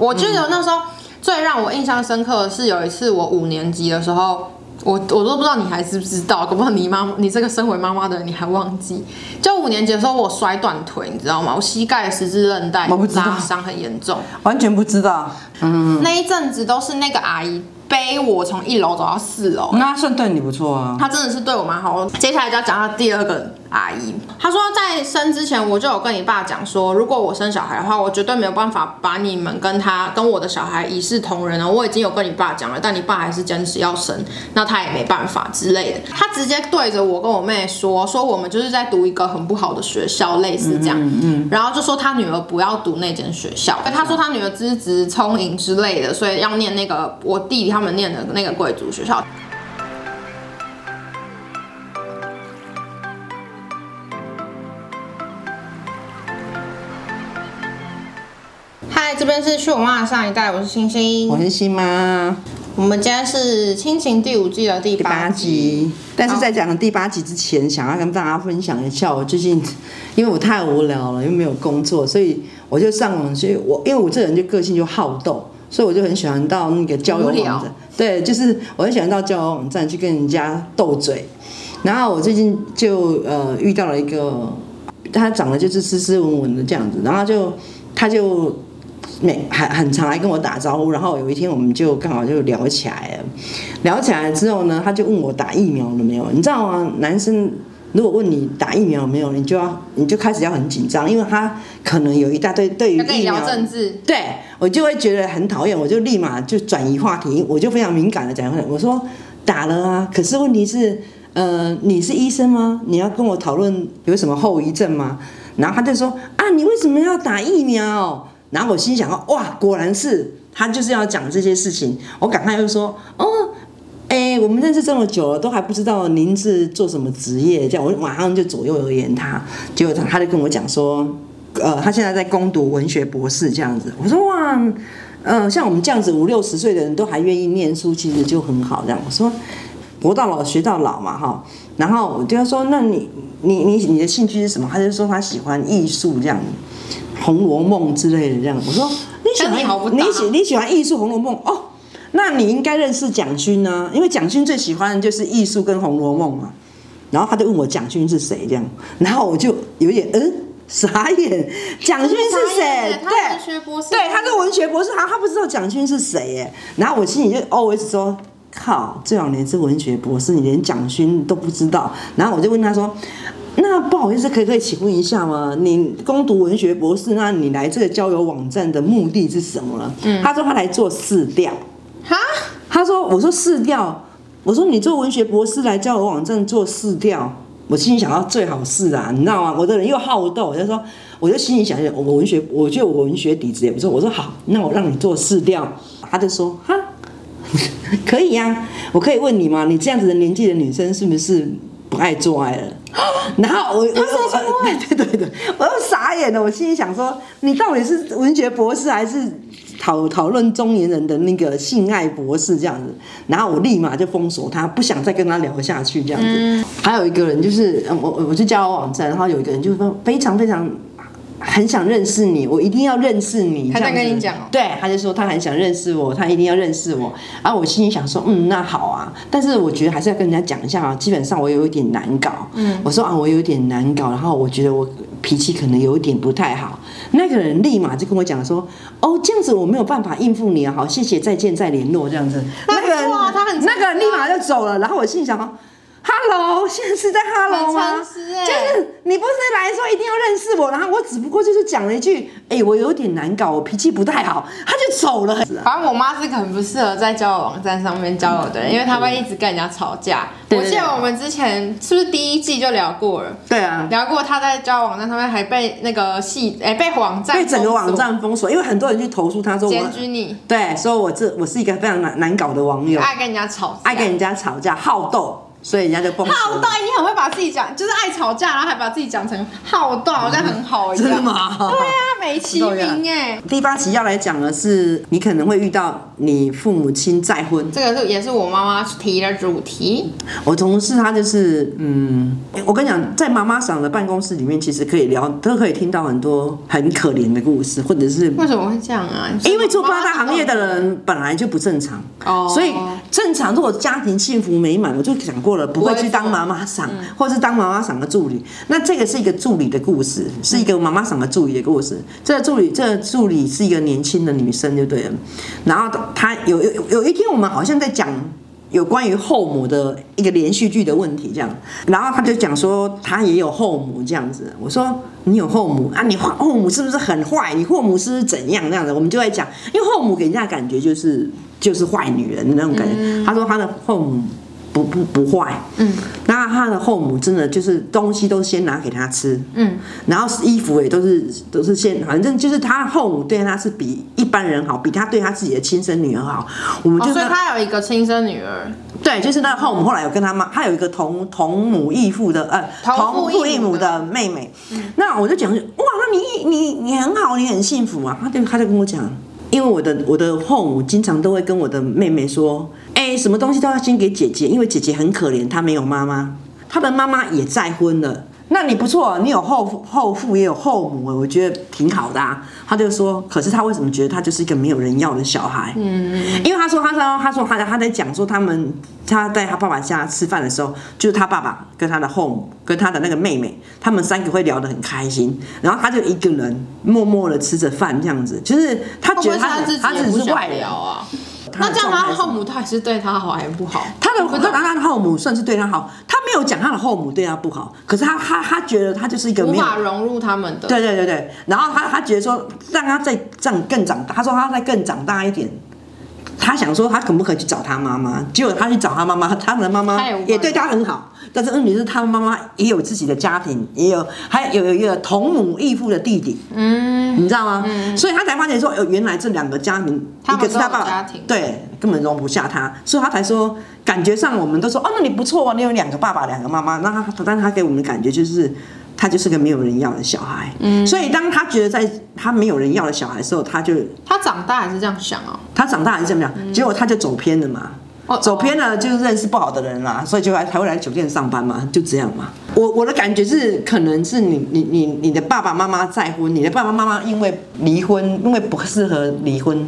我記得那時候最讓我印象深刻的是有一次我五年級的時候我，我我都不知道你還知不知道，恐怕你媽，媽你這個身為媽媽的人你還忘記。就五年級的時候，我摔斷腿，你知道嗎？我膝蓋十字韌帶我不知道，拉傷很嚴重，完全不知道。嗯，那一陣子都是那個阿姨背我從一樓走到四樓，那算對你不錯啊。她真的是對我蠻好。接下來就要講下第二個。阿姨，她說在生之前我就有跟你爸講說，如果我生小孩的話，我絕對沒有辦法把你們跟他跟我的小孩一視同仁，我已經有跟你爸講了，但你爸還是堅持要生，那他也沒辦法之類的。他直接對着我跟我妹說，說我們就是在讀一個很不好的學校，類似這樣。嗯哼、嗯哼，然後就說他女兒不要讀那間學校，嗯嗯，他說他女兒資質聰穎之類的，所以要念那個我弟弟他們念的那個貴族學校。嗨，Hi, 這邊是《去我媽的上一代》，我是星星，我是星媽。我們今天是《親情》第五季的第八集，第八集。但是在講第八集之前，哦，想要跟大家分享一下，我最近因為我太無聊了，又沒有工作，所以我就上網去，我，因為我這個人就個性就好鬥，所以我就很喜歡到那個交友網站，聊對，就是我很喜歡到交友網站去跟人家鬥嘴。然後我最近就呃遇到了一個，他長得就是斯斯文文的這樣子，然後就他就。沒很很常來跟我打招呼，然後有一天我們就剛好就聊起來了。聊起來之後呢，他就問我打疫苗了沒有？你知道嗎？男生如果問你打疫苗沒有，你就要你就開始要很緊張，因為他可能有一大堆對於疫苗，跟你聊政治，對我就會覺得很討厭，我就立馬就轉移話題，我就非常敏感的講話，我說打了啊，可是問題是，呃，你是醫生嗎？你要跟我討論有什麼後遺症嗎？然後他就說啊，你為什麼要打疫苗？然後我心想：“哇，果然是他就是要講這些事情。”我趕快又說：“哦，哎、欸，我們認識這麼久了，都還不知道您是做什麼職業？”這樣我馬上就左右而言他。結果他他就跟我講說：“呃，他現在在攻讀文學博士，這樣子。”我說：“哇，呃，像我們這樣子五六十歲的人都還願意念書，其實就很好這樣。”我說：“活到老學到老嘛，哈。”然後我就說：“那你、你、你、你的興趣是什麼？”他就說：“他喜歡藝術這樣。”《紅樓夢》之類的，這樣。我說，你喜歡你喜你喜歡藝術、《紅樓夢》哦，那你應該認識蔣勳啊，因為蔣勳最喜歡的就是藝術跟《紅樓夢》嘛。然後他就問我蔣勳是誰，這樣，然後我就有點嗯傻眼，蔣勳是誰？對，他是文學博士，對，他是文學博士，好像他不知道蔣勳是誰耶。然後我心裡就哦，我是說靠，這兩年是文學博士，你連蔣勳都不知道。然後我就問他說。那不好意思，可不可以請問一下嗎？你攻讀文學博士，那你來這個交友網站的目的是什麼呢？嗯，他說他來做試調，哈，他說，我說試調，我說你做文學博士來交友網站做試調，我心裡想到最好試啊，你知道嗎？我這人又好鬥，我就說，我就心裡想，我文學，我覺得我文學底子也不錯，我說好，那我讓你做試調，他就說哈， 可以呀，啊，我可以問你嗎？你這樣子的年紀的女生是不是不愛做愛了？然後我他說什對，對對對，我又傻眼了。我心裡想說，你到底是文學博士還是討討論中年人的那個性愛博士這樣子？然後我立馬就封鎖他，不想再跟他聊下去這樣子。嗯、還有一個人就是我，我去交友網站，然後有一個人就是非常非常。很想認識你，我一定要認識你。他想跟你講，哦，對，他就說他很想認識我，他一定要認識我。然、啊、後我心裡想說，嗯，那好啊。但是我覺得還是要跟人家講一下啊，基本上我有一點難搞。嗯，我說啊，我有一點難搞，然後我覺得我脾氣可能有一點不太好。那個人立馬就跟我講說，哦，這樣子我沒有辦法應付你啊，好，謝謝，再見，再聯絡這樣子。那個人哇，他很、啊、那個立馬就走了。然後我心裡想說。哈嘍現在是在哈嘍嗎？欸、就是你不是來說一定要認識我，然後我只不過就是講了一句，哎、欸，我有點難搞，我脾氣不太好，他就走了。很，反正我媽是很不適合在交友網站上面交友的人，對因為她會一直跟人家吵架。對,對,對、啊、我記得我們之前是不是第一季就聊過了？對啊，聊過。他在交友網站上面還被那個戲哎、欸，被網站封鎖被整個網站封鎖，因為很多人去投訴他說我。檢、嗯、舉你。對，說我這我是一個非常難難搞的網友，愛跟人家吵架，愛跟人家吵架，好鬥。所以人家就不好，好鬥，你很會把自己講，就是愛吵架，然後還把自己講成好鬥，好像、啊、很好一樣。真的嗎？對啊。沒起名哎、欸，第八期要來講的是、嗯、你可能會遇到你父母親再婚，這個是也是我媽媽提的主題。我同事他就是，嗯，我跟你講，在媽媽桑的辦公室裡面，其實可以聊，都可以聽到很多很可憐的故事，或者是為什麼會這樣啊？媽媽因為做八大行業的人本來就不正常哦，所以正常如果家庭幸福美滿，我就講過了，不會去當媽媽桑，嗯、或者是當媽媽桑的助理。那這個是一個助理的故事，是一個媽媽桑的助理的故事。這個助理，這個助理是一個年輕的女生，就對了。然後她有有有一天，我們好像在講有關於後母的一個連續劇的問題，這樣。然後她就講說，她也有後母這樣子。我說你有後母啊？你後母是不是很壞？你後母是，是怎樣？那樣子，我們就在講，因為後母給人家的感覺就是就是壞女人那種感覺。她說她的後母。不不不壞，嗯，那他的後母真的就是東西都先拿給他吃，嗯，然後衣服也都是都是先，反正就是他的後母對他是比一般人好，比他對他自己的親生女兒好。我們就是、那個哦、所以他有一個親生女兒，對，就是那個後母後來有跟他媽，他有一個同同母異父的呃，同父異母的妹妹。嗯、那我就講，哇，那你你你很好，你很幸福啊！他就他就跟我講，因為我的我的後母經常都會跟我的妹妹說。什麼東西都要先給姐姐，因為姐姐很可憐，她沒有媽媽，她的媽媽也再婚了。那你不錯，你有後父，後父也有後母，我覺得挺好的啊。他就說，可是他為什麼覺得他就是一個沒有人要的小孩？嗯，因為他說，他說，他說，他說他，他在他在講說，他們他在他爸爸家吃飯的時候，就是他爸爸跟他的後母跟他的那個妹妹，他們三個會聊得很開心，然後他就一個人默默的吃着飯，這樣子，就是他覺得他,會不會是他自己不是外聊啊。的那這樣，他後母到底是對他好還是不好？他的他的後母算是對他好，他沒有講他的後母對他不好。可是他他他覺得他就是一個沒有無法融入他們的。對對對對，然後他他覺得說，讓他再這樣更長大，他說他再更長大一點，他想說他可不可以去找他媽媽？結果他去找他媽媽，他們的媽媽也對他很好。但是問題是，他媽媽也有自己的家庭，也有還有有一個同母異父的弟弟。嗯。你知道嗎？嗯、所以他才發現說，呃、原來這兩個家庭，一個是他爸爸，對，根本容不下他，所以他才說，感覺上我們都說，哦，那你不錯哦，你有兩個爸爸，兩個媽媽，那他，但他給我們的感覺就是，他就是個沒有人要的小孩。嗯，所以當他覺得在他沒有人要的小孩的時候，他就他長大還是這樣想哦，他長大還是這麼想，結果他就走偏了嘛。走偏了就是認識不好的人啦，所以就來，才會來酒店上班嘛，就這樣嘛。我我的感覺是，可能是你你你你的爸爸媽媽再婚，你的爸爸媽媽因為離婚，因為不適合離婚，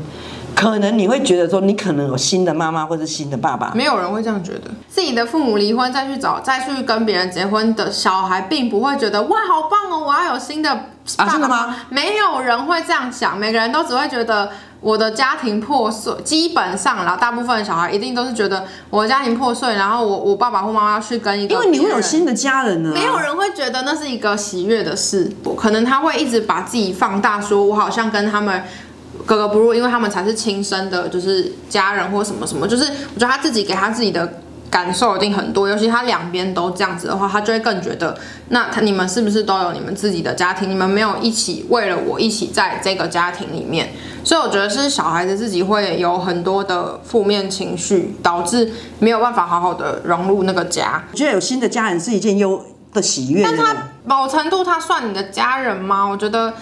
可能你會覺得說，你可能有新的媽媽或者新的爸爸。沒有人會這樣覺得，自己的父母離婚再去找再去跟別人結婚的小孩，並不會覺得哇好棒哦，我要有新的爸爸、啊、媽媽，沒有人會這樣想，每個人都只會覺得。我的家庭破碎，基本上啦，大部分小孩一定都是覺得我的家庭破碎，然後我我爸爸或媽媽要去跟一個，因為你會有新的家人呢、啊，沒有人會覺得那是一個喜悅的事，可能他會一直把自己放大，說我好像跟他們格格不入，因為他們才是親生的，就是家人或什麼什麼，就是我覺得他自己給他自己的。感受一定很多，尤其他兩邊都這樣子的話，他就會更覺得，那你們是不是都有你們自己的家庭？你們沒有一起為了我一起在這個家庭裡面，所以我覺得是小孩子自己會有很多的負面情緒，導致沒有辦法好好的融入那個家。我覺得有新的家人是一件優的喜悅。但他某程度他算你的家人嗎？我覺得。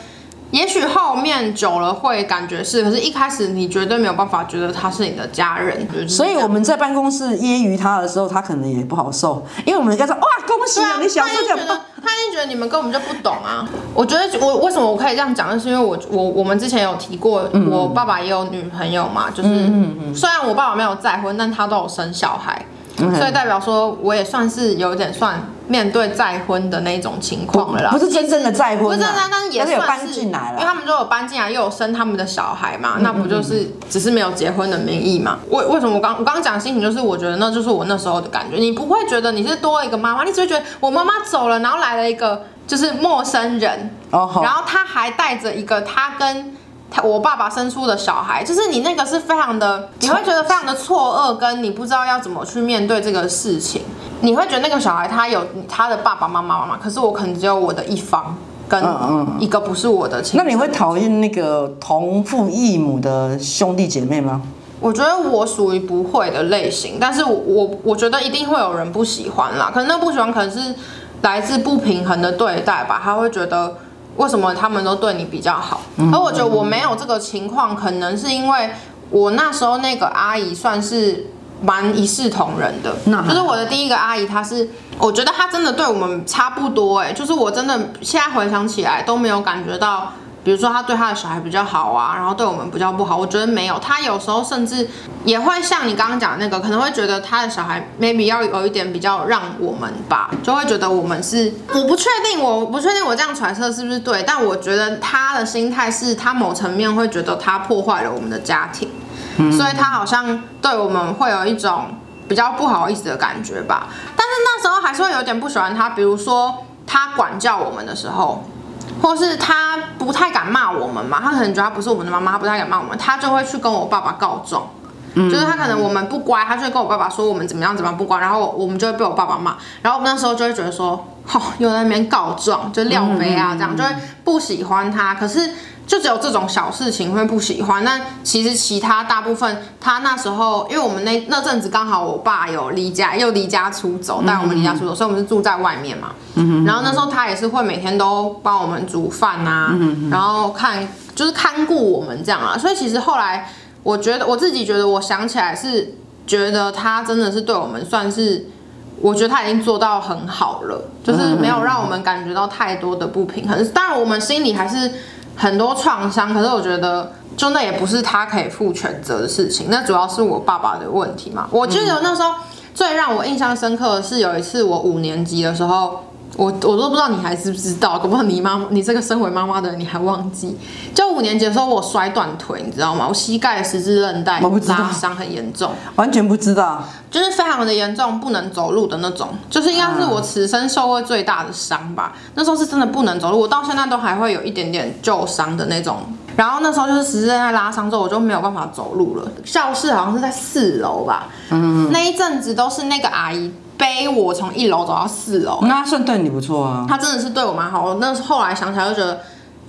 也許後面久了會感覺是，可是一開始你絕對沒有辦法覺得他是你的家人。就是、所以我們在辦公室揶揄他的時候，他可能也不好受，因為我們應該說哇恭喜啊，啊你小時候覺得、哦、他一定覺得你們根本就不懂啊。我覺得我為什麼我可以這樣講，就是因為我我我們之前有提過，我爸爸也有女朋友嘛，嗯嗯就是嗯嗯嗯雖然我爸爸沒有再婚，但他都有生小孩，嗯、嘿所以代表說我也算是有點算。面對再婚的那種情況了啦，不，不是真正的再婚不是，但，但也算是，那是有搬進來了啊。因為他們就有搬進來，又有生他們的小孩嘛，那不就是只是沒有結婚的名義嘛？為、嗯嗯嗯、為什麼我剛我剛講心情，就是我覺得那就是我那時候的感覺，你不會覺得你是多了一個媽媽，你只會覺得我媽媽走了，然後來了一個就是陌生人，然後他還帶着一個他跟他我爸爸生出的小孩，就是你那個是非常的，你會覺得非常的錯愕，跟你不知道要怎麼去面對這個事情。你會覺得那個小孩，他有他的爸爸媽媽嗎？可是我可能只有我的一方跟一個不是我的情、嗯嗯。那你會討厭那個同父異母的兄弟姐妹嗎？我覺得我屬於不會的類型，但是我我，我覺得一定會有人不喜歡啦。可能那不喜歡可能是來自不平衡的對待吧。他會覺得為什麼他們都對你比較好？而、嗯、我覺得我沒有這個情況，可能是因為我那時候那個阿姨算是。蠻一視同仁的，那好 就是我的第一個阿姨，她是，我覺得她真的對我們差不多，哎，就是我真的現在回想起來都沒有感覺到，比如說她對她的小孩比較好啊，然後對我們比較不好，我覺得沒有，她有時候甚至也會像你剛剛講那個，可能會覺得她的小孩 maybe 要有一點比較讓我們吧，就會覺得我們是，我不確定，我不確定我這樣揣測是不是對，但我覺得她的心態是她某層面會覺得她破壞了我們的家庭。所以他好像對我們會有一種比較不好意思的感覺吧，但是那時候還是會有點不喜歡他，比如說他管教我們的時候，或是他不太敢罵我們嘛，他可能覺得他不是我們的媽媽，他不太敢罵我們，他就會去跟我爸爸告狀，就是他可能我們不乖，他就會跟我爸爸說我們怎麼樣怎麼樣不乖，然後我們就會被我爸爸罵，然後我們那時候就會覺得說，哈，有人在那邊告狀，就廖飛啊這樣，就會不喜歡他，可是。就只有這種小事情會不喜歡，那其實其他大部分，他那時候，因為我們那那陣子剛好我爸有離家又離家出走，帶我們離家出走，所以我們是住在外面嘛。然後那時候他也是會每天都幫我們煮飯啊，然後看就是看顧我們這樣啊。所以其實後來我覺得我自己覺得，我想起來是覺得他真的是對我們算是，我覺得他已經做到很好了，就是沒有讓我們感覺到太多的不平衡。當然我們心裡還是。很多創傷，可是我覺得，就那也不是他可以負全責的事情，那主要是我爸爸的問題嘛。我記得那時候最讓我印象深刻的是有一次，我五年級的時候。我我都不知道你還知不知道，恐怕你媽，你這個身為媽媽的人你還忘記。就五年級的時候我摔斷腿，你知道嗎？我膝蓋十字韌帶我不知道，拉傷很嚴重，完全不知道，就是非常的嚴重，不能走路的那種，就是應該是我此生受過最大的傷吧。啊、那時候是真的不能走路，我到現在都還會有一點點舊傷的那種。然後那時候就是十字韌帶拉傷之後，我就沒有辦法走路了。教室好像是在四樓吧，嗯、那一陣子都是那個阿姨，背我從一樓走到四樓，那他算對你不錯啊。他真的是對我蠻好，我那時候後來想起來就覺得，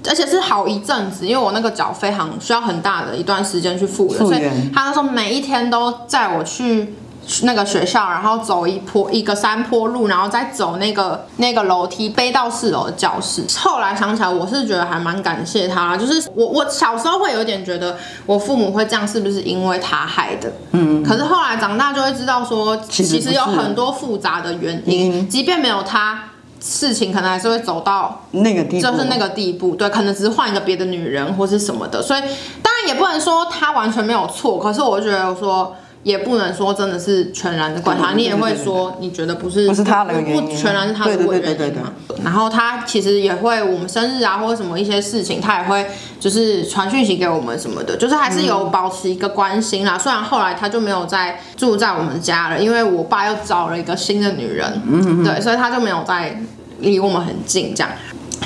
而且是好一陣子，因為我那個腳非常需要很大的一段時間去復原，復原。所以他那時候每一天都載我去那個學校，然後走一坡一個山坡路，然後再走那個那個樓梯，背到四樓的教室。後來想起來，我是覺得還蠻感謝他，就是我我小時候會有點覺得我父母會這樣，是不是因為他害的？嗯。可是後來長大就會知道說，其實有很多複雜的原因，即便沒有他，事情可能還是會走到那個地，就是那個地步。對，可能只是換一個別的女人或是什麼的，所以當然也不能說他完全沒有錯。可是我覺得說。也不能說真的是全然的管他，你也會說你覺得不是不是他的原因，不全然是他的原因嘛。然後他其實也會我們生日啊或者什麼一些事情，他也會就是傳訊息給我們什麼的，就是還是有保持一個關心啦。雖然後來他就沒有再住在我們家了，因為我爸又找了一個新的女人，對，所以他就沒有再離我們很近這樣。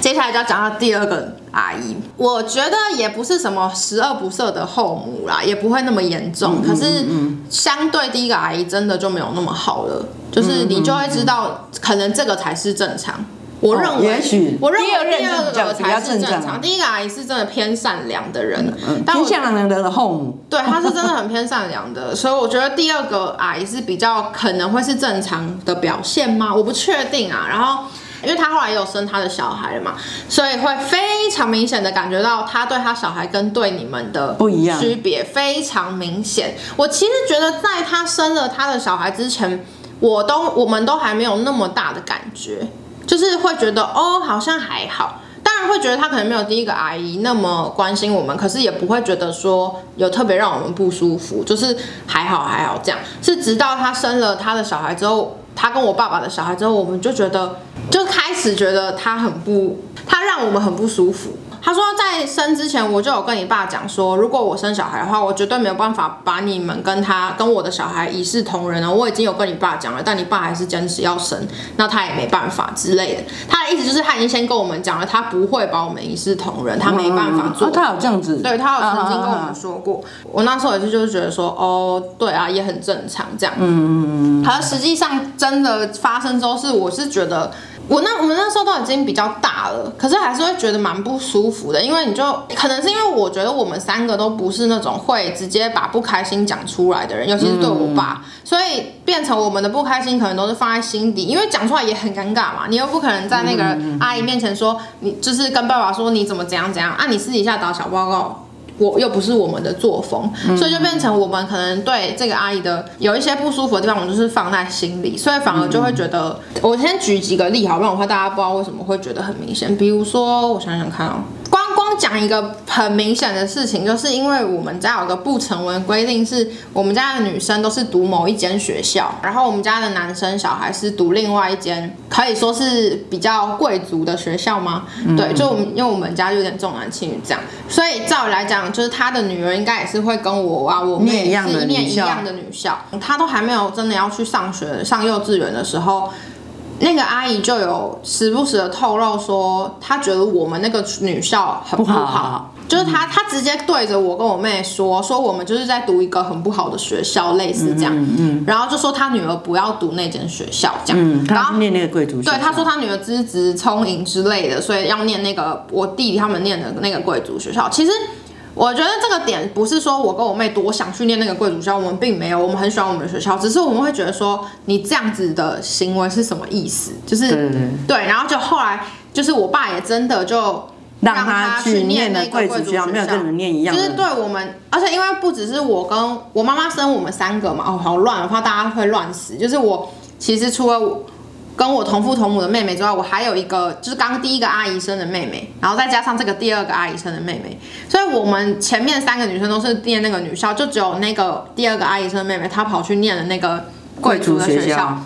接下來就要講到第二個阿姨，我覺得也不是什麼十惡不赦的後母啦，也不會那麼嚴重。可是相對第一個阿姨，真的就沒有那麼好了，就是你就會知道，可能這個才是正常。我認為，我認為第二個才是正常。第一個阿姨是真的偏善良的人，偏善良的後母。對，她是真的很偏善良的，所以我覺得第二個阿姨是比較可能會是正常的表現嗎？我不確定啊。然後。因為她後來又生她的小孩了嘛，所以會非常明顯的感覺到她對她小孩跟對你們的不一樣，區別非常明顯。我其實覺得在她生了她的小孩之前，我都，我們都還沒有那麼大的感覺，就是會覺得哦好像還好，當然會覺得她可能沒有第一個阿姨那麼關心我們，可是也不會覺得說有特別讓我們不舒服，就是還好還好這樣。是直到她生了她的小孩之後，他跟我爸爸的小孩之後，我們就覺得，就開始覺得他很不，他讓我們很不舒服。他說，在生之前我就有跟你爸講說，如果我生小孩的話，我絕對沒有辦法把你們跟他跟我的小孩一視同仁了，我已經有跟你爸講了，但你爸還是堅持要生，那他也沒辦法之類的。他的意思就是他已經先跟我們講了，他不會把我們一視同仁，他沒辦法做。他有這樣子，對他有曾經跟我們說過。我那時候也是就是覺得說，哦，對啊，也很正常這樣。嗯嗯而實際上真的發生之後，是我是覺得。我那，我們那時候都已經比較大了，可是還是會覺得蠻不舒服的，因為你就可能是因為我覺得我們三個都不是那種會直接把不開心講出來的人，尤其是對我爸，嗯，所以變成我們的不開心可能都是放在心底，因為講出來也很尷尬嘛，你又不可能在那個阿姨面前說，嗯，你就是跟爸爸說你怎麼怎樣怎樣啊，你私底下打小報告。我又不是我們的作風，嗯、所以就變成我們可能對這個阿姨的有一些不舒服的地方，我們就是放在心裡，所以反而就會覺得，我先舉幾個例，好，不然我怕大家不知道為什麼會覺得很明顯。比如說，我想想看哦、喔。講一個很明顯的事情，就是因為我們家有個不成文規定，是我們家的女生都是讀某一間學校，然後我們家的男生小孩是讀另外一間，可以說是比較貴族的學校嗎？對，就我們因為我們家有點重男輕女這樣，所以照理來講，就是他的女兒應該也是會跟我啊，我們也是念一樣的女校，他都還沒有真的要去上學，上幼稚園的時候。那個阿姨，就有時不時的透露說，她覺得我們那個女校很不好，好啊，就是她，嗯，她直接對着我跟我妹說，說我們就是在讀一個很不好的學校，類似這樣，嗯，嗯，嗯，然後就說她女兒不要讀那間學校，這樣，嗯，她去念那個貴族學校，然後，對，她說她女兒資質聰穎之類的，所以要念那個我弟弟他們念的那個貴族學校，其實。我覺得這個點不是說我跟我妹多想去念那個貴族學校，我們並沒有，我們很喜歡我們的學校，只是我們會覺得說你這樣子的行為是什麼意思？就是對，然後就後來就是我爸也真的就讓他去念那個貴族學校，沒有這樣子念一樣，就是對我們，而且因為不只是我跟我媽媽生我們三個嘛，哦，好亂，我怕大家會亂死。就是我其實除了我。跟我同父同母的妹妹之外，我還有一個就是剛第一個阿姨生的妹妹，然後再加上這個第二個阿姨生的妹妹，所以我們前面三個女生都是念那個女校，就只有那個第二個阿姨生的妹妹她跑去念了那個貴族的學校。學校，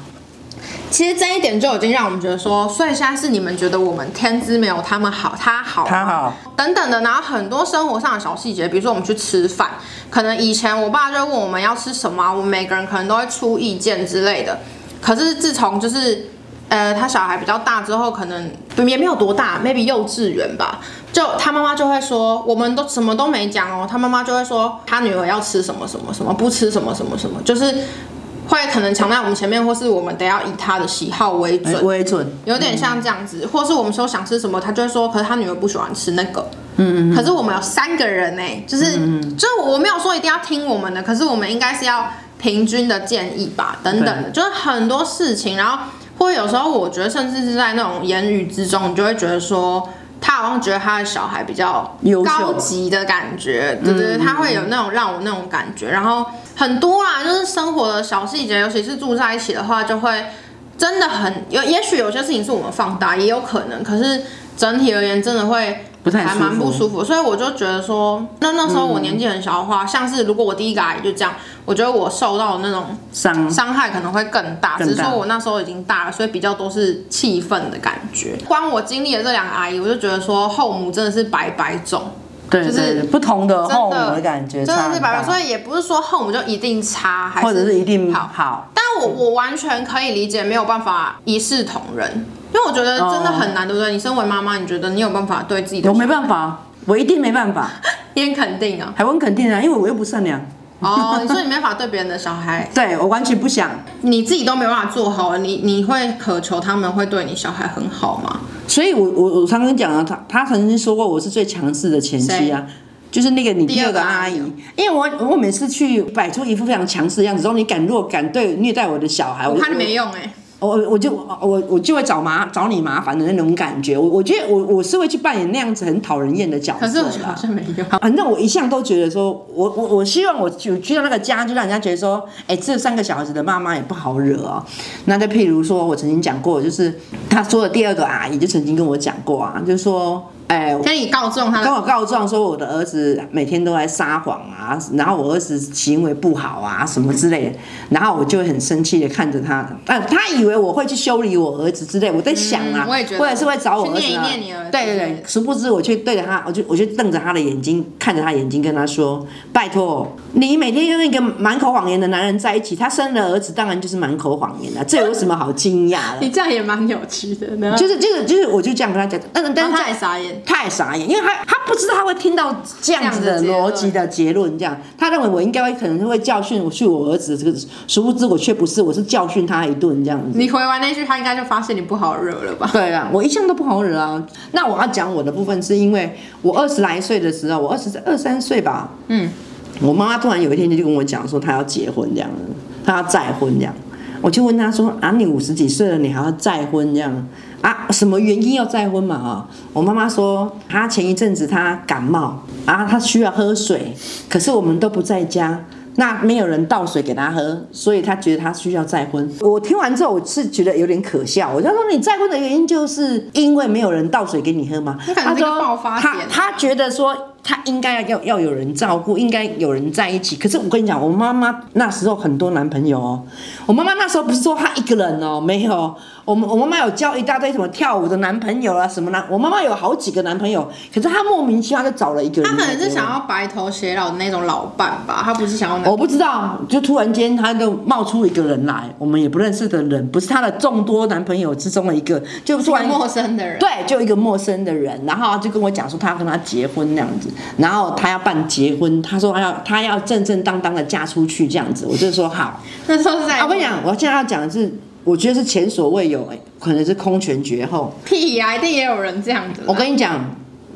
其實這一點就已經讓我們覺得說，所以現在是你們覺得我們天資沒有他們好，他好，他好等等的，然後很多生活上的小細節，比如說我們去吃飯，可能以前我爸就問我們要吃什麼，我們每個人可能都會出意見之類的，可是自從就是。呃，他小孩比較大之後，可能也沒有多大，maybe 幼稚園吧。就他媽媽就會說，我們都什麼都沒講哦。他媽媽就會說，他女兒要吃什麼什麼什麼，不吃什麼什麼什麼，就是會可能搶在我們前面，或是我們得要以他的喜好為準為準。有點像這樣子，或是我們說想吃什麼，他就會說，可是他女兒不喜歡吃那個。嗯。可是我們有三個人呢、欸，就是就我沒有說一定要聽我們的，可是我們應該是要平均的建議吧，等等的，就是很多事情，然後。有時候我覺得，甚至是在那種言語之中，你就會覺得說，他好像覺得他的小孩比較高級的感覺。優秀，對對對，他會有那種讓我那種感覺。然後很多啊，就是生活的小細節，尤其是住在一起的話，就會真的很有。也許有些事情是我們放大，也有可能，可是整體而言，真的會。不太還蠻不舒服，所以我就覺得說，那那時候我年紀很小的話，嗯、像是如果我第一個阿姨就這樣，我覺得我受到的那種傷傷害可能會更大。更大只是說我那時候已經大了，所以比較都是氣憤的感覺。光我經歷了這兩個阿姨，我就覺得說後母真的是百百種。對對對，就是不同的後母的感覺，真的是，所以也不是說後母就一定差，還是或者是一定好。好，但我、嗯、我完全可以理解，沒有辦法一視同仁。因為我覺得真的很難，哦、對不對？你身為媽媽，你覺得你有辦法對自己的？我沒辦法，我一定沒辦法。 你很肯定啊，還問肯定啊？因為我又不善良。哦，所以你沒法對別人的小孩。 對，我完全不想，你自己都沒辦法做好了，你你會渴求他們會對你小孩很好嗎？所以我我我常常跟你講，他他曾經說過我是最強勢的前妻啊，誰就是那個你第二個阿姨，阿姨因為我我每次去擺出一副非常強勢的樣子，說你敢若敢對虐待我的小孩，我怕你沒用哎、欸。我我就我我就會找麻找你麻煩的那種感覺，我我覺得我我是會去扮演那樣子很討人厭的角色的。可是好像沒有。反正、啊、我一向都覺得說，我我我希望我我去到那個家，就讓人家覺得說，哎、欸，這三個小孩子的媽媽也不好惹啊、哦。那再譬如說，我曾經講過，就是他說的第二個阿姨就曾經跟我講過啊，就是、說。哎，跟你誒告狀，他跟我告狀說我的兒子每天都在撒謊啊，然後我兒子行為不好啊，什麼之類的，然後我就很生氣的看着他，嗯，他以為我會去修理我兒子之類，我在想啊，嗯、我也覺得我也是會找我兒子、啊，去念一念你兒子、啊，對對對、嗯，殊不知我去對着他，我就我就瞪着他的眼睛，看着他眼睛，跟他說，拜託，你每天跟一個滿口謊言的男人在一起，他生的兒子當然就是滿口謊言了、啊，這有什麼好驚訝的？ 你這樣也蠻有趣的，就是就是就是，我就這樣跟他講，但是但是他再傻眼。太傻眼，因為他他不知道他會聽到這樣子的邏輯的結論，這樣他認為我應該會可能會教訓我去我兒子，這個殊不知我卻不是，我是教訓他一頓這樣子。你回完那句，他應該就發現你不好惹了吧？對啊，我一向都不好惹啊。那我要講我的部分是因為我二十來歲的時候，我二十二三歲吧，嗯，我媽媽突然有一天就跟我講說她要結婚這樣，她要再婚這樣。我就問他說：“啊，你五十幾歲了，你還要再婚這樣？啊，什麼原因要再婚嘛？啊，我媽媽說，她前一陣子她感冒，啊，她需要喝水，可是我們都不在家，那沒有人倒水給她喝，所以她覺得她需要再婚。我聽完之後，我是覺得有點可笑。我就說，你再婚的原因就是因為沒有人倒水給你喝嗎？她說，她，她覺得說。”她應該要要有人照顧，應該有人在一起。可是我跟你講，我媽媽那時候很多男朋友哦。我媽媽那時候不是說她一個人哦，沒有。我們我媽媽有交一大堆什麼跳舞的男朋友啊什麼男。我媽媽有好幾個男朋友，可是她莫名其妙就找了一個。她可能是想要白頭偕老的那種老伴吧，她不是想要。我不知道，就突然間她就冒出一個人來，我們也不認識的人，不是她的眾多男朋友之中的一個，就是然陌生的人。對，就一個陌生的人，然後就跟我講說她要跟他結婚那樣子，然後她要辦結婚，她說她要她要正正當當的嫁出去這樣子，我就說好。那時候在，我跟你講，我現在要講的是。我覺得是前所未有的，欸，可能是空前絕後。屁呀，啊，一定也有人這樣子。我跟你講，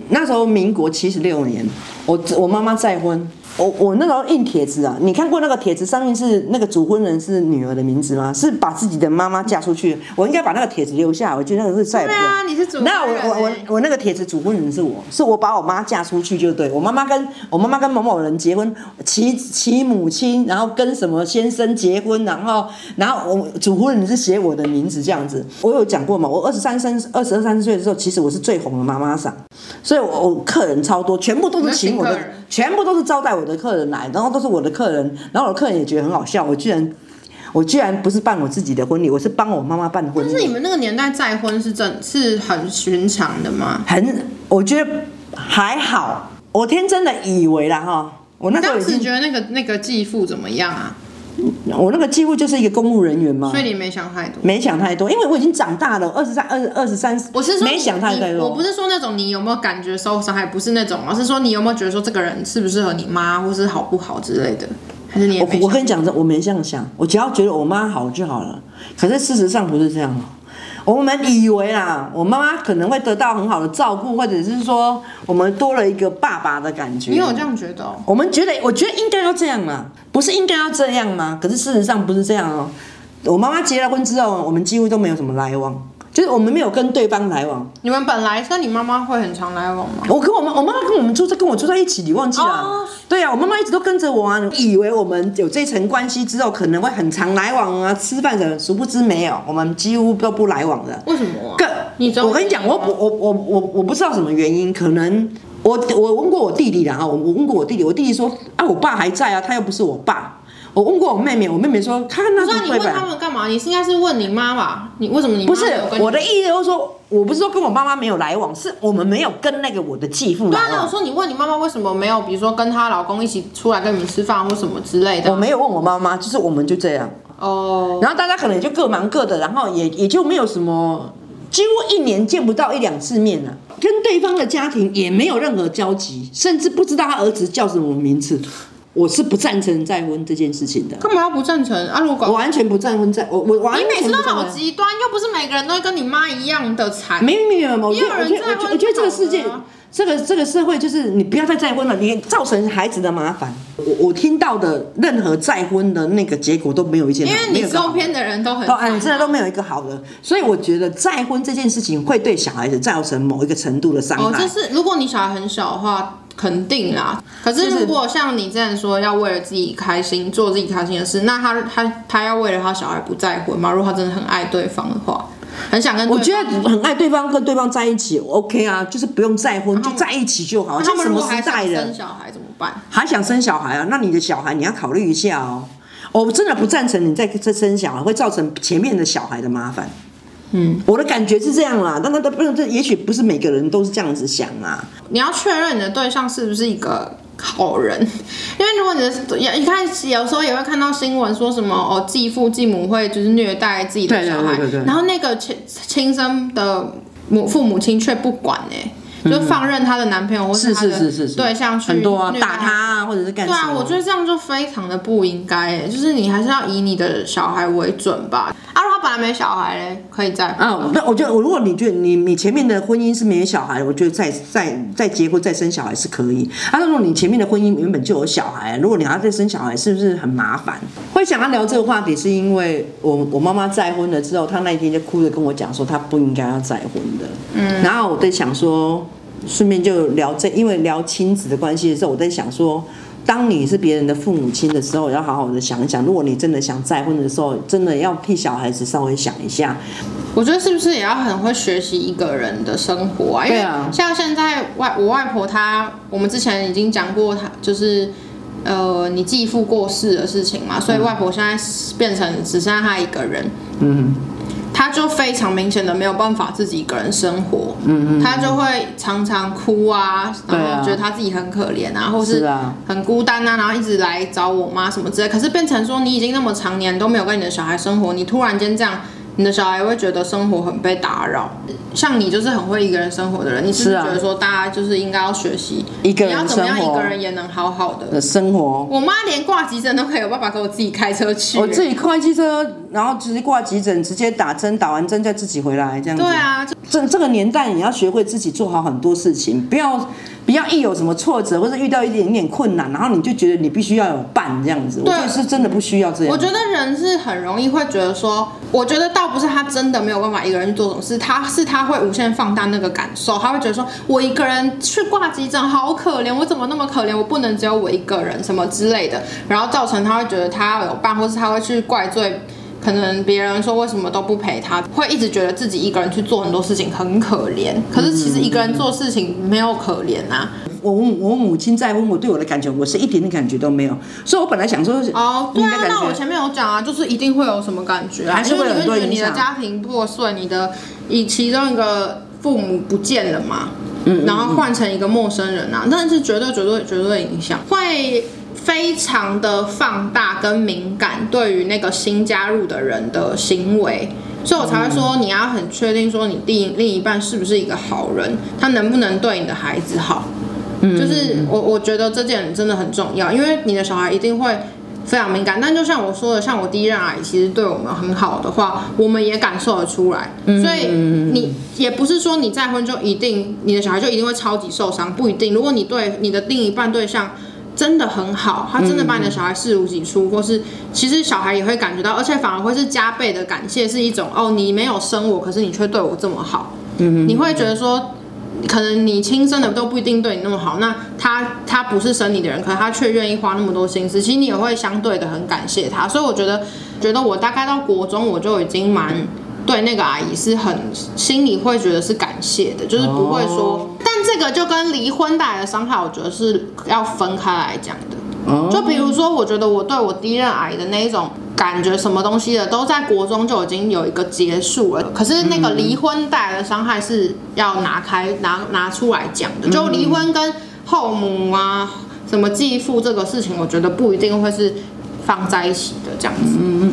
那時候民國七十六年，我我媽媽再婚。我我那時候印帖子啊，你看過那個帖子上面是那個主婚人是女兒的名字嗎？是把自己的媽媽嫁出去。我應該把那個帖子留下，我覺得那個是帥。對啊，你是主婚人欸。那我我我我那個帖子主婚人是我，是我把我媽嫁出去就對。我媽媽跟我媽媽跟某某人結婚，其其母親然後跟什麼先生結婚，然後然後我主婚人是寫我的名字這樣子。我有講過嘛？我二十三歲二十二三歲的時候，其實我是最紅的媽媽桑，所以我我客人超多，全部都是請我的，全部都是招待我。我的客人來，然後都是我的客人，然後我的客人也覺得很好笑。我居然，我居然不是辦我自己的婚禮，我是幫我媽媽辦的婚禮。是你們那個年代再婚是真是很尋常的嗎？很，我覺得還好。我天真的以為了哈，我那時候你當時覺得那個那個繼父怎麼樣啊？我那個繼父就是一個公務人員嘛，所以你沒想太多，沒想太多，因為我已經長大了，二十三、二二十三，我是說沒想太多。我不是說那種你有沒有感覺受傷害，不是那種，我是說你有沒有覺得說這個人適不適合你媽，或是好不好之類的，還是你想我？我我跟你講，我沒這樣想，我只要覺得我媽好就好了。可是事實上不是這樣。我們以為啦，我媽媽可能會得到很好的照顧，或者是說，我們多了一個爸爸的感覺。你有這樣覺得哦？我們覺得，我覺得應該要這樣嘛，不是應該要這樣嗎？可是事實上不是這樣哦。我媽媽結了婚之後，我們幾乎都沒有什麼來往。就是我們沒有跟對方來往。你們本來，那你媽媽會很常來往嗎？我跟我媽，我媽媽跟我們住在跟我住在一起，你忘記了、啊？Oh. 對啊，我媽媽一直都跟着我啊，以為我們有這層關係之後，可能會很常來往啊，吃飯的。殊不知沒有，我們幾乎都不來往了。為什麼、啊？哥，我跟你講，我我我我我不知道什麼原因，可能我我問過我弟弟了啊，我我問過我弟弟，我弟弟說，啊，我爸還在啊，他又不是我爸。我問過我妹妹，我妹妹說看那那你你問他們幹嘛？你是應該是問你媽吧？你為什麼你，媽媽你不是我的意思，就是說我不是說跟我媽媽沒有來往，是我們沒有跟那個我的繼父來往。對啊，那我說你問你媽媽為什麼沒有，比如說跟她老公一起出來跟你們吃飯或什麼之類的。我沒有問我媽媽，就是我們就這樣。哦、uh。然後大家可能就各忙各的，然後也也就沒有什麼，幾乎一年見不到一兩次面了，啊，跟對方的家庭也沒有任何交集，甚至不知道他兒子叫什麼名字。我是不贊成再婚這件事情的。幹嘛要不贊成、啊我不贊我？我完全不贊成再我我。你每次都好極端，又不是每個人都跟你媽一樣的慘。沒有沒有沒有，我得沒有得我覺得我覺得,、啊、我覺得這個世界，這個這個社會就是你不要再再婚了，你造成孩子的麻煩。我我聽到的任何再婚的那個結果都沒有一件有，因為你周邊的人都很好，現在都,、啊、都沒有一個好的。嗯、所以我覺得再婚這件事情會對小孩子造成某一個程度的傷害。就、哦、是如果你小孩很小的話。肯定啦，可是如果像你這樣說，就是、要為了自己開心做自己開心的事，那他他他要為了他小孩不再婚嗎？如果他真的很愛對方的話，很想跟對方、我覺得很愛對方，跟對方在一起，OK 啊，就是不用再婚，嗯、就在一起就好。嗯、他們如果再生小孩怎麼辦？還想生小孩啊？那你的小孩你要考慮一下哦、喔。我、oh, 真的不贊成你再再生小孩，會造成前面的小孩的麻煩。嗯，我的感覺是這樣啦，但那都不，這也許不是每個人都是這樣子想啊。你要確認你的對象是不是一個好人，因為如果你的一開始有時候也會看到新聞說什麼哦，繼父繼母會就是虐待自己的小孩，對對對對，然後那個親親生的母父母親卻不管哎、欸，就放任她的男朋友或是，她的對象,是是是是，對、啊，這樣去打她啊，或者是干。對啊，我覺得這樣就非常的不應該，欸，就是你還是要以你的小孩為準吧。本來沒小孩嘞，可以再。那、oh, 我覺得，我如果你覺你你前面的婚姻是沒有小孩，我覺得再再再結婚再生小孩是可以。他、啊、那如果你前面的婚姻原本就有小孩，如果你還要再生小孩，是不是很麻煩？會想要聊這個話題，是因為我我媽媽再婚了之後，她那一天就哭着跟我講說，她不應該要再婚的。嗯，然後我在想說，順便就聊這，因為聊親子的關係的時候，我在想說。當你是別人的父母親的時候，要好好的想一想。如果你真的想再婚的時候，真的要替小孩子稍微想一下。我覺得是不是也要很會學習一個人的生活啊？因為像現在外我外婆她，我們之前已經講過她就是呃你繼父過世的事情嘛，所以外婆現在變成只剩下她一個人。嗯。他就非常明顯的沒有辦法自己一個人生活，嗯，他就會常常哭啊，然後覺得他自己很可憐啊，或是很孤單啊，然後一直來找我媽什麼之類。可是變成說，你已經那麼長年都沒有跟你的小孩生活，你突然間這樣。你的小孩會覺得生活很被打擾，像你就是很會一個人生活的人，你是不是覺得說大家就是應該要學習一個，你要怎麼樣一個人也能好好的生活？我媽連掛急診都可以有辦法給我自己開車去，我自己開汽車，然後直接掛急診，直接打針，打完針再自己回來這樣子。對啊，這這個年代你要學會自己做好很多事情，不要。不要一有什麼挫折，或者遇到一點點困難，然後你就覺得你必須要有伴這樣子。對，是真的不需要這樣。對 我覺得人是很容易會覺得說，我覺得倒不是他真的沒有辦法一個人去做什麼事，他是他會無限放大那個感受，他會覺得說，我一個人去掛急診好可憐，我怎麼那麼可憐，我不能只有我一個人什麼之類的，然後造成他會覺得他要有伴，或是他會去怪罪。可能別人說為什麼都不陪他，會一直覺得自己一個人去做很多事情很可憐。可是其實一個人做事情沒有可憐啊。嗯嗯嗯、我我母親在乎我對我的感覺，我是一點點感覺都沒有。所以我本來想說，哦，對啊，那我前面有講啊，就是一定會有什麼感覺啊，還是會有覺得你的家庭破碎，你的以其中一個父母不見了嘛，嗯，然後換成一個陌生人啊，嗯嗯、但是絕對絕對絕對影響會。非常的放大跟敏感對於那個新加入的人的行為，所以我才會說你要很確定說你第另一半是不是一個好人，他能不能對你的孩子好，就是我我覺得這件真的很重要，因為你的小孩一定會非常敏感。但就像我說的，像我第一任阿姨其實對我們很好的話，我們也感受得出來。所以你也不是說你再婚就一定你的小孩就一定會超級受傷，不一定。如果你對你的另一半對象。真的很好，他真的把你的小孩視如己出，嗯嗯嗯，或是其實小孩也會感覺到，而且反而會是加倍的感謝，是一種哦，你沒有生我，可是你卻對我這麼好，嗯嗯，你會覺得說，可能你親生的都不一定對你那麼好，那他他不是生你的人，可是他卻願意花那麼多心思，其實你也會相對的很感謝他，所以我覺得覺得我大概到國中我就已經蠻對那個阿姨是很心裡會覺得是感謝的，就是不會說。哦這個就跟離婚帶來的傷害，我覺得是要分開來講的。就比如說，我覺得我對我第一任愛的那一種感覺，什麼東西的，都在國中就已經有一個結束了。可是那個離婚帶來的傷害是要拿開拿拿出來講的。就離婚跟後母啊，什麼繼父這個事情，我覺得不一定會是放在一起的這樣子。嗯，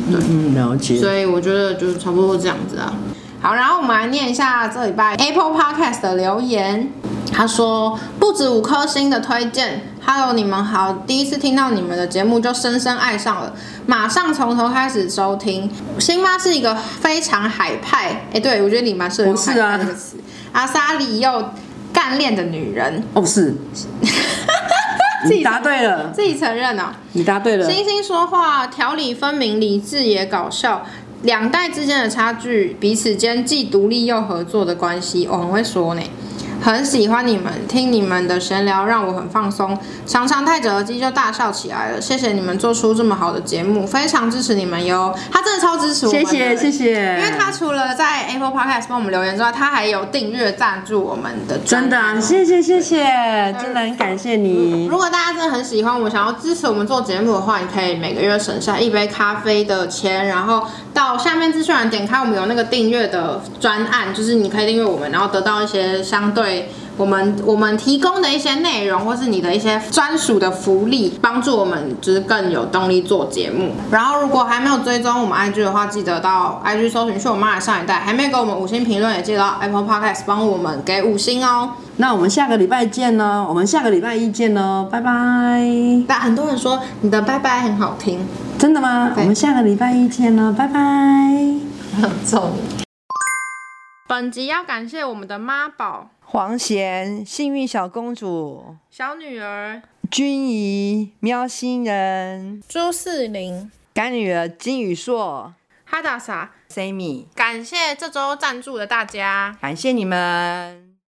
對，了解。所以我覺得就差不多是這樣子啊。好，然後我們來念一下這禮拜 Apple Podcast 的留言。他說不止五顆星的推薦，Hello，你們好，第一次聽到你們的節目就深深愛上了，馬上從頭開始收聽。星媽是一個非常海派，哎、欸，對我覺得你蠻適合。不是啊，阿莎裡又幹練的女人，哦是，自己答對了，自己承認啊，你答對了。星星說話條理分明，理智也搞笑，兩代之間的差距，彼此間既獨立又合作的關係，我、哦、很會說呢。很喜歡你們，聽你們的閒聊，讓我很放鬆。常常戴着耳機就大笑起來了。謝謝你們做出這麼好的節目，非常支持你們喲。他真的超支持我們，謝謝，謝謝謝謝。因為他除了在 Apple Podcast 幫我們留言之外，他還有訂閱贊助我們的專。真的謝、啊、謝對謝謝，謝謝對真的很感謝你、嗯。如果大家真的很喜歡，我想要支持我們做節目的話，你可以每個月省下一杯咖啡的錢，然後到下面資訊欄點開，我們有那個訂閱的專案，就是你可以訂閱我們，然後得到一些相對。對我們我們提供的一些內容，或是你的一些專屬的福利，幫助我們就是更有動力做節目。然後如果還沒有追蹤我們 IG 的話，記得到 IG 搜尋去我媽的上一代。還沒有給我們五星評論，也記得到 Apple Podcast 幫我們給五星哦。那我們下個禮拜見嘍，我們下個禮拜一見嘍，拜拜。那很多人說你的拜拜很好聽，真的嗎？我們下個禮拜一見了，拜拜。很重。本集要感謝我們的媽寶。黃賢幸運小公主，小女兒君怡喵星人，朱世林乾女兒金宇碩，哈達莎 Sammy，感謝這周贊助的大家，感謝你們。